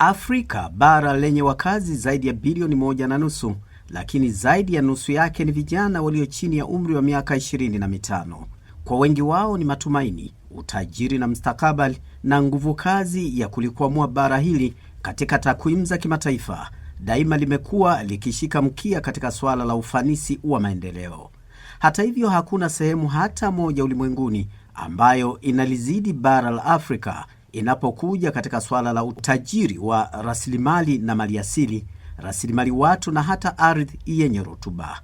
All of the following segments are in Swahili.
Afrika bara lenye wakazi zaidi ya bilioni moja na nusu, lakini zaidi ya nusu yake ni vijana walio chini ya umri wa miaka ishirini na mitano. Kwa wengi wao ni matumaini, utajiri na mstakabali na nguvu kazi ya kulikwamua bara hili katika takwimu za kimataifa daima limekuwa likishika mkia katika suala la ufanisi wa maendeleo. Hata hivyo, hakuna sehemu hata moja ulimwenguni ambayo inalizidi bara la Afrika inapokuja katika swala la utajiri wa rasilimali na maliasili, rasilimali watu na hata ardhi yenye rutuba.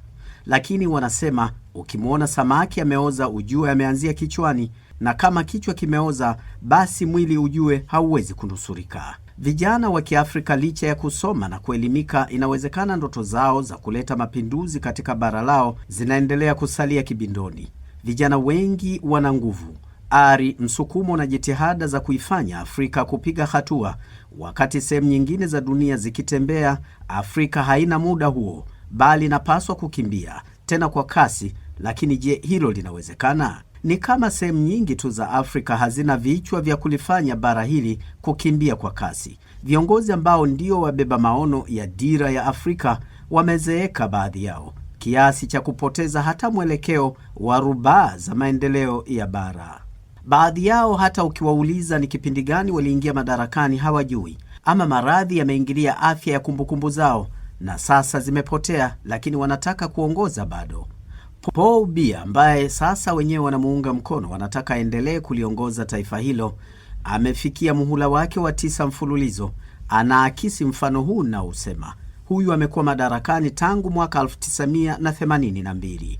Lakini wanasema ukimwona samaki ameoza ujue ameanzia kichwani, na kama kichwa kimeoza, basi mwili ujue hauwezi kunusurika. Vijana wa Kiafrika licha ya kusoma na kuelimika, inawezekana ndoto zao za kuleta mapinduzi katika bara lao zinaendelea kusalia kibindoni. Vijana wengi wana nguvu, ari, msukumo na jitihada za kuifanya Afrika kupiga hatua. Wakati sehemu nyingine za dunia zikitembea, Afrika haina muda huo, bali inapaswa kukimbia tena kwa kasi. Lakini je, hilo linawezekana? Ni kama sehemu nyingi tu za Afrika hazina vichwa vya kulifanya bara hili kukimbia kwa kasi. Viongozi ambao ndio wabeba maono ya dira ya Afrika wamezeeka baadhi yao kiasi cha kupoteza hata mwelekeo wa rubaa za maendeleo ya bara. Baadhi yao hata ukiwauliza ni kipindi gani waliingia madarakani hawajui, ama maradhi yameingilia afya ya kumbukumbu zao na sasa zimepotea, lakini wanataka kuongoza bado. Paul Biya ambaye sasa wenyewe wanamuunga mkono, wanataka aendelee kuliongoza taifa hilo, amefikia muhula wake wa tisa mfululizo. Anaakisi mfano huu nausema, huyu amekuwa madarakani tangu mwaka 1982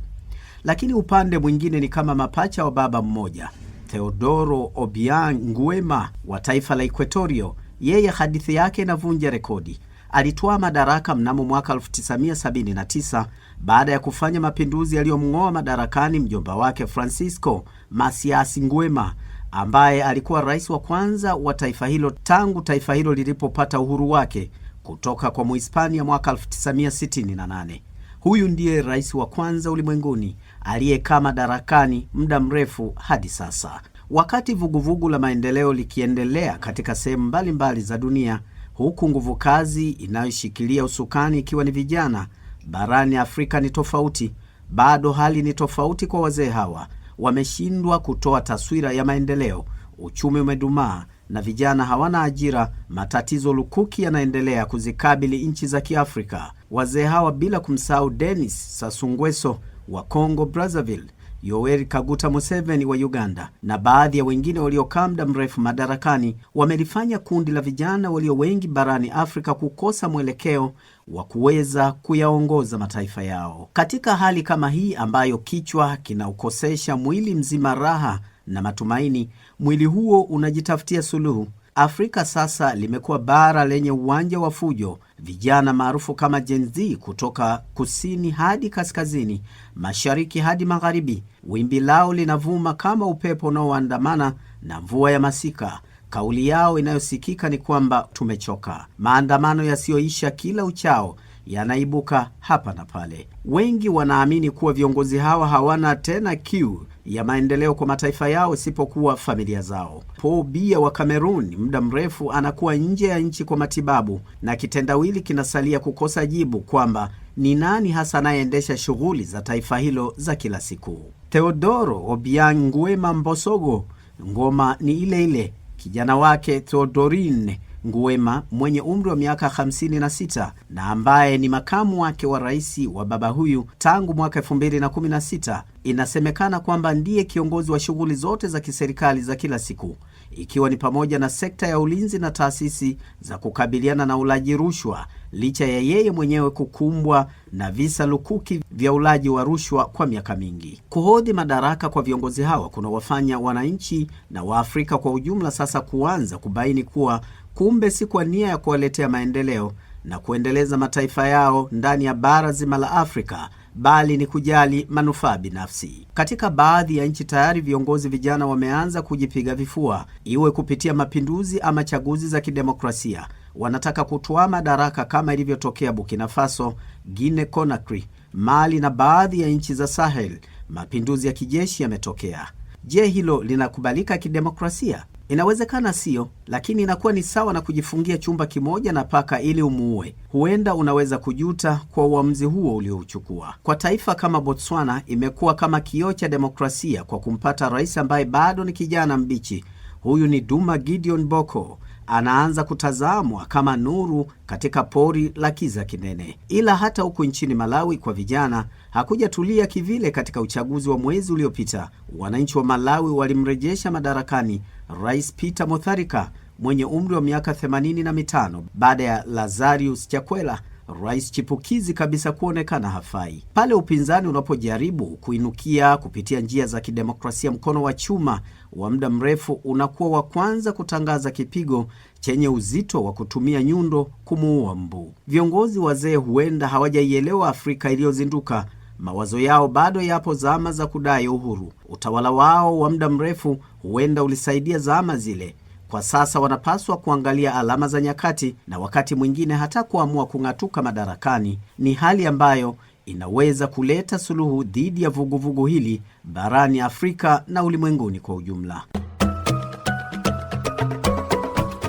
lakini upande mwingine ni kama mapacha wa baba mmoja. Theodoro Obiang Nguema wa taifa la Equatorio, yeye hadithi yake inavunja rekodi. Alitwaa madaraka mnamo mwaka 1979 baada ya kufanya mapinduzi yaliyomng'oa madarakani mjomba wake Francisco Masiasi Nguema ambaye alikuwa rais wa kwanza wa taifa hilo tangu taifa hilo lilipopata uhuru wake kutoka kwa Muhispania mwaka 1968. Huyu ndiye rais wa kwanza ulimwenguni aliyekaa madarakani muda mrefu hadi sasa. Wakati vuguvugu vugu la maendeleo likiendelea katika sehemu mbalimbali za dunia, huku nguvu kazi inayoshikilia usukani ikiwa ni vijana, barani Afrika ni tofauti. Bado hali ni tofauti kwa wazee hawa, wameshindwa kutoa taswira ya maendeleo. Uchumi umedumaa na vijana hawana ajira. Matatizo lukuki yanaendelea kuzikabili nchi za Kiafrika. Wazee hawa bila kumsahau Denis Sasungweso, wa Congo Brazzaville, Yoweri Kaguta Museveni wa Uganda na baadhi ya wengine waliokaa muda mrefu madarakani wamelifanya kundi la vijana walio wengi barani Afrika kukosa mwelekeo wa kuweza kuyaongoza mataifa yao. Katika hali kama hii ambayo kichwa kinaukosesha mwili mzima raha na matumaini, mwili huo unajitafutia suluhu Afrika sasa limekuwa bara lenye uwanja wa fujo, vijana maarufu kama Gen Z kutoka kusini hadi kaskazini, mashariki hadi magharibi. Wimbi lao linavuma kama upepo unaoandamana na mvua ya masika. Kauli yao inayosikika ni kwamba tumechoka. Maandamano yasiyoisha kila uchao yanaibuka hapa na pale. Wengi wanaamini kuwa viongozi hawa hawana tena kiu ya maendeleo kwa mataifa yao isipokuwa familia zao. Paul Biya wa Kamerun muda mrefu anakuwa nje ya nchi kwa matibabu, na kitendawili kinasalia kukosa jibu kwamba ni nani hasa anayeendesha shughuli za taifa hilo za kila siku. Teodoro Obiang Nguema Mbosogo, ngoma ni ile ile. Kijana wake Theodorine Nguema mwenye umri wa miaka 56 na ambaye ni makamu wake wa rais wa baba huyu tangu mwaka 2016 inasemekana kwamba ndiye kiongozi wa shughuli zote za kiserikali za kila siku ikiwa ni pamoja na sekta ya ulinzi na taasisi za kukabiliana na ulaji rushwa, licha ya yeye mwenyewe kukumbwa na visa lukuki vya ulaji wa rushwa kwa miaka mingi. Kuhodhi madaraka kwa viongozi hawa kunawafanya wananchi na Waafrika kwa ujumla sasa kuanza kubaini kuwa kumbe si kwa nia ya kuwaletea maendeleo na kuendeleza mataifa yao ndani ya bara zima la Afrika bali ni kujali manufaa binafsi. Katika baadhi ya nchi tayari viongozi vijana wameanza kujipiga vifua, iwe kupitia mapinduzi ama chaguzi za kidemokrasia. Wanataka kutwaa madaraka kama ilivyotokea Burkina Faso, Guinea Conakry, Mali na baadhi ya nchi za Sahel. Mapinduzi ya kijeshi yametokea. Je, hilo linakubalika kidemokrasia? Inawezekana sio, lakini inakuwa ni sawa na kujifungia chumba kimoja na paka ili umuue. Huenda unaweza kujuta kwa uamuzi huo uliouchukua. Kwa taifa kama Botswana, imekuwa kama kioo cha demokrasia kwa kumpata rais ambaye bado ni kijana mbichi. Huyu ni Duma Gideon Boko, anaanza kutazamwa kama nuru katika pori la kiza kinene. Ila hata huku nchini Malawi kwa vijana hakujatulia kivile. Katika uchaguzi wa mwezi uliopita, wananchi wa Malawi walimrejesha madarakani Rais Peter Mutharika mwenye umri wa miaka themanini na mitano baada ya Lazarus Chakwera rais chipukizi kabisa kuonekana hafai. Pale upinzani unapojaribu kuinukia kupitia njia za kidemokrasia, mkono wa chuma wa muda mrefu unakuwa wa kwanza kutangaza kipigo chenye uzito wa kutumia nyundo kumuua mbu. Viongozi wazee huenda hawajaielewa Afrika iliyozinduka Mawazo yao bado yapo zama za kudai uhuru. Utawala wao wa muda mrefu huenda ulisaidia zama zile. Kwa sasa wanapaswa kuangalia alama za nyakati na wakati mwingine hata kuamua kung'atuka madarakani. Ni hali ambayo inaweza kuleta suluhu dhidi ya vuguvugu vugu hili barani Afrika na ulimwenguni kwa ujumla.